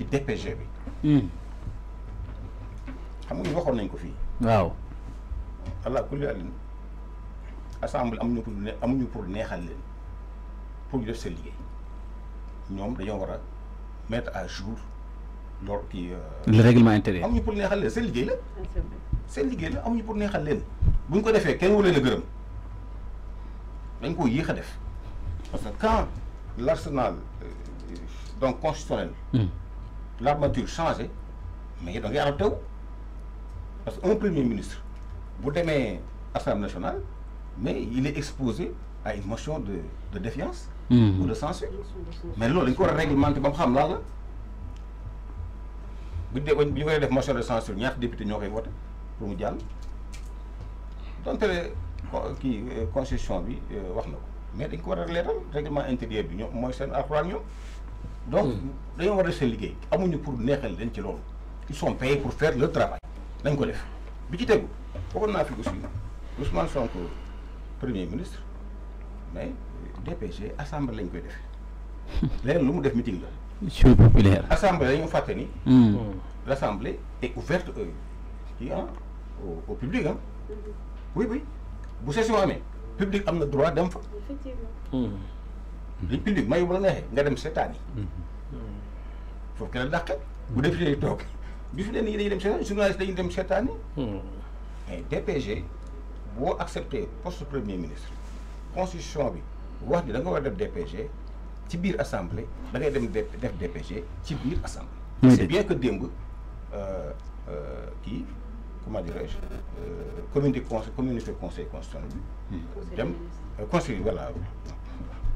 ci DPG bi. xam nga waxoon nañ ko fii. waaw. allah kulli àllin assemblée amuñu pour ne amuñu pour neexal leen pour ñu def seen liggéey ñoom dañoo war a mettre à jour leur kii. le règlement intérieur. amuñu pour neexal leen seen liggéey la. seen liggéey la amuñu pour neexal leen buñ ko defee kenn waruleen a gërëm dañ koo yéex a def parce que quand l' arsenal donc constitutionnel. l'armature changé mais il y a a wu parce qu'un premier ministre bu aimez assemblée nationale mais il est exposé à une motion de de défiance. Hmm. ou de censure mais là, il ko a un règlement qui xam la bu dee bu ñu def motion de censure ñaata député ñoo voté pour le jàll Donc, il y bi euh, wax na mais il ko a un règlement intérieur bi donc dañoo war a def seen liggéey pour neexal leen ci ils sont payés pour faire le travail nañ ko def bi ci tegu waxoon naa fi aussi Ousmane Sonko premier ministre mais DPG assemblée lañ koy def leneen lu mu def meeting la. monsieur populaire. assemblée dañoo fàtte ni. Hmm. l' est ouverte euh, qui hein, a au public hein? oui oui bu session amee public am na droit dem fa. effectivement. Hmm liñ indi mayu bu la neexee nga dem seetaan yi foofu kenn dàqe bu def yi toog bi fi leen ñi dañuy dem seetaan journaliste dañuy dem seetaan yi Et DPG boo accepté poste premier ministre constitution bi wax ni da nga war def DPG ci biir assemblée da ngay dem def DPG ci biir assemblée c'est bien que euh, euh, qui, comment dirais-je euh, communauté conseil communauté conseil constitutionnel bi hmm. dem euh, conseil voilà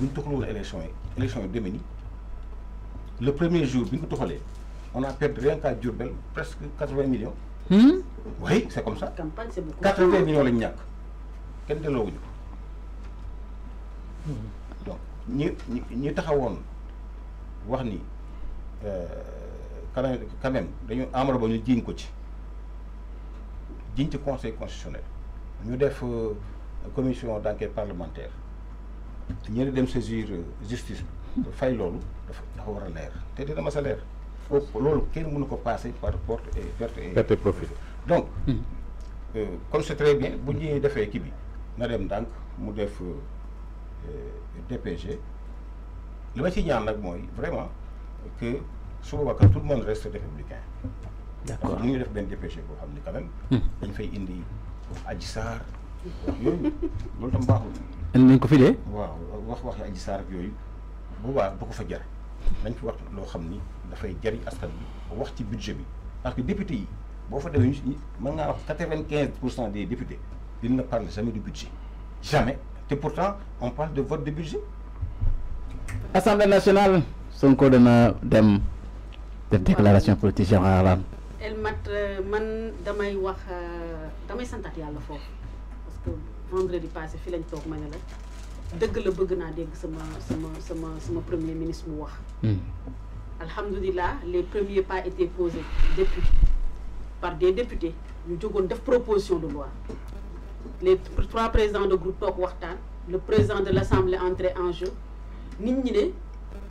Nous le premier jour on a perdu rien qu'à presque 80 millions. Hmm? oui c'est comme ça. campagne millions nous hmm. donc nous ni wax ni Nous euh, quand même constitutionnel euh, commission d'enquête parlementaire te ñeneen dem saisir euh, justice bi fay lolu dafa wara war a leer te dina mas a leer foofu loolu kenn mënu ko passer par porte et perte et perte profit donc hmm. euh, comme c'est très bien bu ñuy défé kii bi na dem dank mu def euh, DPG li ma ci ñaan nag mooy vraiment que su boobaa tout le monde reste républicain d'accord ñu def ben DPG boo xamni quand même hmm. dañ fay indi Adji Sarr yooyu loolu tam baaxul indi nañ ko fi dee waaw wax waxi Adji sar ak yooyu ba bu ko fa jar dañ fi wax lo xamni da fay jari askan bi wax ci budget bi parce que député yi bo fa demee mën nga wax 95% des députés ils ne parlent jamais du budget jamais te pourtant on parle de vote de budget Assemblée nationale Sonko dana dem def déclaration politique générale el mat euh, man damay wax euh, damay santat yalla foofu parce que vendredi passé fi lañ tok manela dëgg la sama sama sama sama premier ministre mu wax hmm. alhamdoulillah les premiers pas été posés depuis par des députés ñu avons def proposition de loi les trois présidents de groupe tok waxtan le président de l'assemblée entré en jeu nit ñi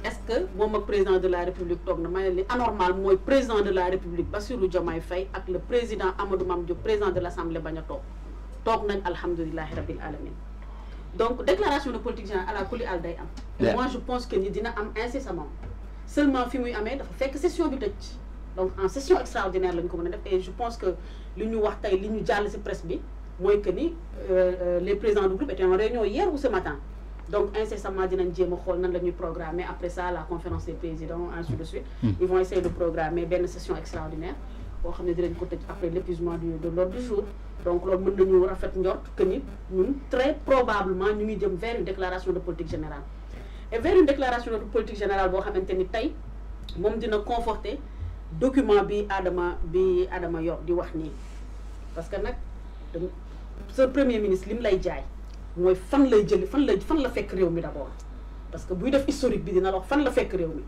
est-ce que le président de la république tok na mayal anormal moy président de la république Bassirou Diomaye Faye ak le président Amadou Mame président de l'assemblée baña tok tok nañ alhamdoulillah rabil alamin donc déclaration de politique générale à la kuli à moi je pense que nous dina incessamment seulement fi Ahmed fait que session donc en session extraordinaire et je pense que l'Union ñu l'Union tey li presse euh, euh, les présidents du groupe étaient en réunion hier ou ce matin donc incessamment dinañ jéem a nan programmé programmer après ça la conférence des présidents ainsi de suite hmm. ils vont essayer de programmer une session extraordinaire bo xamné ne dinañ ko tëj après l'épuisement du de l'ordre du jour donc loolu mën nañu rafet ñort que ni ñun très probablement ñu ngi jëm vers une déclaration de politique générale et vers une déclaration de politique générale bo xamante ni tay mom dina conforter document bi Adama bi Adama yor di wax ni parce que nak ce premier ministre lim lay jaay moy fan lay jël fan lay fan la fekk réew mi d'abord parce que buy def historique bi dina la wax fan la fekk réew mi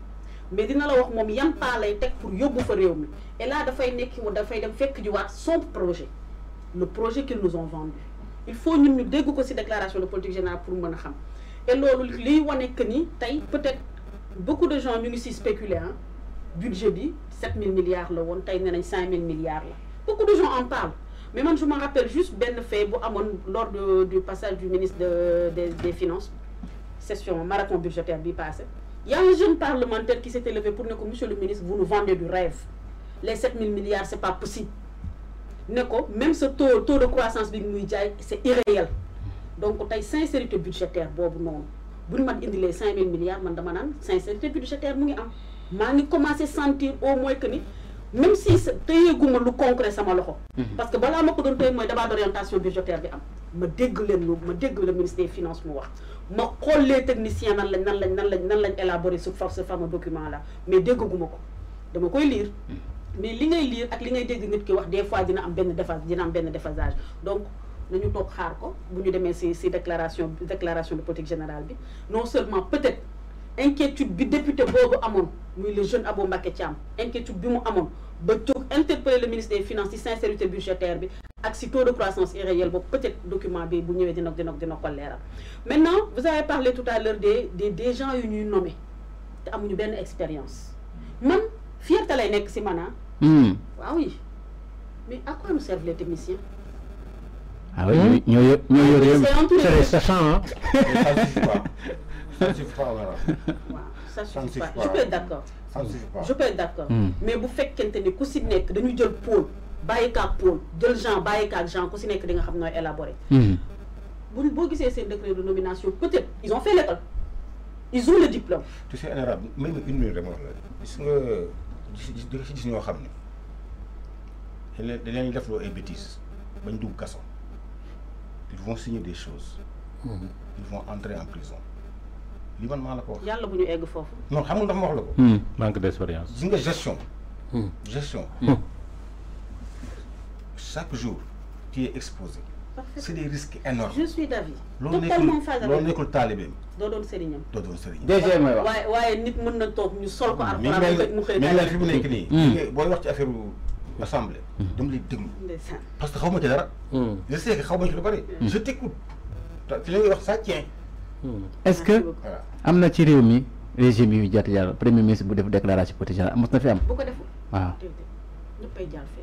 mais dina la wax mom gens pas lay teg pour yóbbu fa réew et là dafay nekki fay dem fekk wat son projet le projet qu'ils nous ont vendu il faut ñun ñu dégg ko ci déclaration de politique générale pour nous a xam et lolu li wane que ni tay peut-être beaucoup de gens ñu ngi ci spéculer hein budget bi 000 milliards la woon tay nee milliards la beaucoup de gens en parlent mais moi je me rappelle juste ben fait bu lors du passage du ministre de des des finances session marathon budgétaire bi passé il y a un jeune parlementaire qui s'est élevé pour dire que monsieur le ministre, vous nous vendez du rêve. Les 7 000 milliards, ce n'est pas possible. Même ce taux, taux de croissance, c'est irréel. Donc, on a sincérité budgétaire. non. Si on les 5 000 milliards, on une sincérité budgétaire. Je commencé à sentir au moins que même si je ne concret, mhm. parce que je suis d'orientation budgétaire ma suis ma dégg le ministère des finances mu wax ma xool les techniciens nan nan nan nan élaborer ce ce fameux document là mais pas ko dama koy lire hmm. mais li ngay lire ak li ngay dégg nit ki wax des fois dina am benn déphase dina am déphasage donc nous toog xaar ko nous ñu demee si ces déclarations déclaration de politique générale bi non seulement peut-être inquiétude bi député Bobo Amon, le jeune Abou Mbacké Thiam inquiétude bi mu amoon ba jóg interpeller le ministère des finances ci sincérité budgétaire bi ak taux de croissance irréel réel, peut-être document le document est dina dina dina maintenant vous avez parlé tout à l'heure des des gens unis nommés. nommé une une expérience. expérience fier de la NEC, c'est maintenant. Ah. Hmm. ah oui. mais à quoi nous servent les techniciens. ah oui ñoo ñoo yor yëpp c'est sachant hein. ça suffit pas voilà. waaw ça suffit pas je peux être d'accord. je peux être d'accord. mais bu faites ni ku de nekk dañu jël pôle bàyyi kaag pôle jël gens bàyyi kaag gens ku si nekk di nga xam nooy élaborer. hmm bo gisee sen décret de nomination peut-être ils ont fait l'école ils ont le diplôme. tu sais en arabe même une minute dama wax la gis nga gis nga ñoo xam dañ leen def loo ay bêtises bañ dugg kasso ils vont signer des choses. hmm ils vont entrer en prison. li man maa la ko wax. yàlla bu ñu egg fofu non xam nga dafa ma wax la ko. Hmm. manque d'expérience. gis nga gestion. hmm gestion. hmm chaque jour qui est exposé. C'est des risques énormes. Je suis d'avis. L'on est que talibé. Dodon Serignam. Dodon Serigne. Déjà mais wa. Ouais ouais nit mën na tok ñu sol ko alcorane mu xey. Mais la fi mu nek ni boy wax ci affaire assemblée hmm. dama lay déglu. Parce que xawma ci dara. Hmm. Je sais que xawma ci lu bari. Hmm. Je t'écoute. Ci li wax ça tient. Est-ce que amna ci réew mi régime yu jatt jaar premier ministre bu def déclaration politique générale mos fi am. Bu ko def Waaw. Ñeppay jaar fee.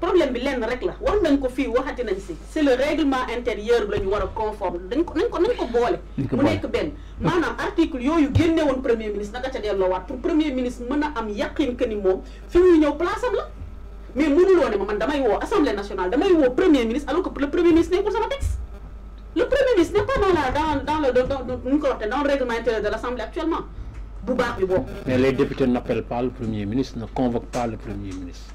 problème bi lenn rek la war nañ ko fii waxati nañ si c'est le règlement intérieur bi la ñu war a conforme dañ ko nañ ko nañ ko boole mu nekk benn maanaam article yooyu génne woon premier ministre naka ca delloowaat pour premier ministre mën a am yaqin que ni moom fi muy ñëw place am la mais mënuloo ne ma man damay woo assemblée nationale damay woo premier ministre alors que le premier ministre nekkul sama texte le premier ministre n'est pas dans la dans dans le dans ñu ko dans le règlement intérieur de l'assemblée actuellement bu baax bi boobu mais les députés n'appellent pas le premier ministre ne convoquent pas le premier ministre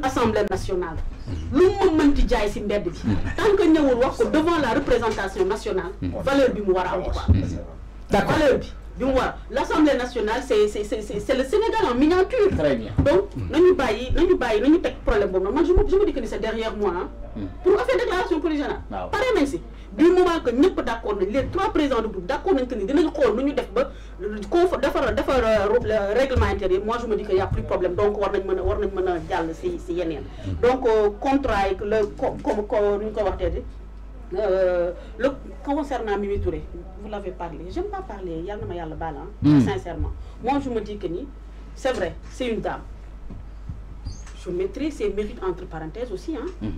assemblée nationale Nous sommes tous les si mbedd bi tant que wax ko devant la représentation nationale mm. valeur du mu mm. d'accord valeur bi l'assemblée nationale c'est c'est c'est le Sénégal en miniature très bien donc nous mm. avons nañu bàyyi problème boobu je me dis que c'est derrière moi hein pour une déclaration les waaw pare si du moment que nous d'accord, les trois présidents de groupe d'accord nous que ni euh, règlement intérieur moi je me dis qu'il n'y a plus de problème donc on nañ peut a war nañ c'est hmm. donc euh, contrat comme on nu dit euh, le concernant Mimi Touré vous l'avez parlé, je j'aime pas parler il y ma yàlla baal hein, hmm. sincèrement moi je me dis que c'est vrai c'est une dame je mettrai ses mérites entre parenthèses aussi hein hmm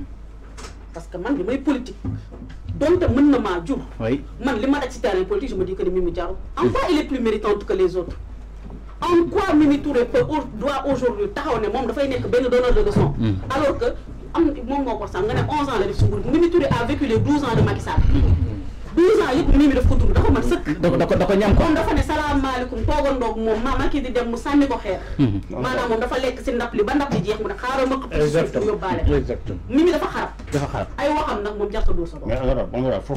parce que moi, je suis politique Donc, je politique je me dis que ni Mimi en quoi il est plus méritant que les autres. en quoi Mimi Touré peut doit aujourd'hui donneur de hmm. alors que moi, je 11 ans la a vécu les 12 ans de Macky hmm. douze ans mii mi daf ko dafa mën sëkk da ñam ko moom dafa ne salaamaaleykum toogandoog moom maama kii dem mu sànni ko xeer mhm. maanaam moom dafa lekk si ndab li ba ndab li jeex mu ne xaaral ma xëpp suuf yóbbaale exactement mii dafa xarab dafa xarab ay waxam nag moom jarta dóor sa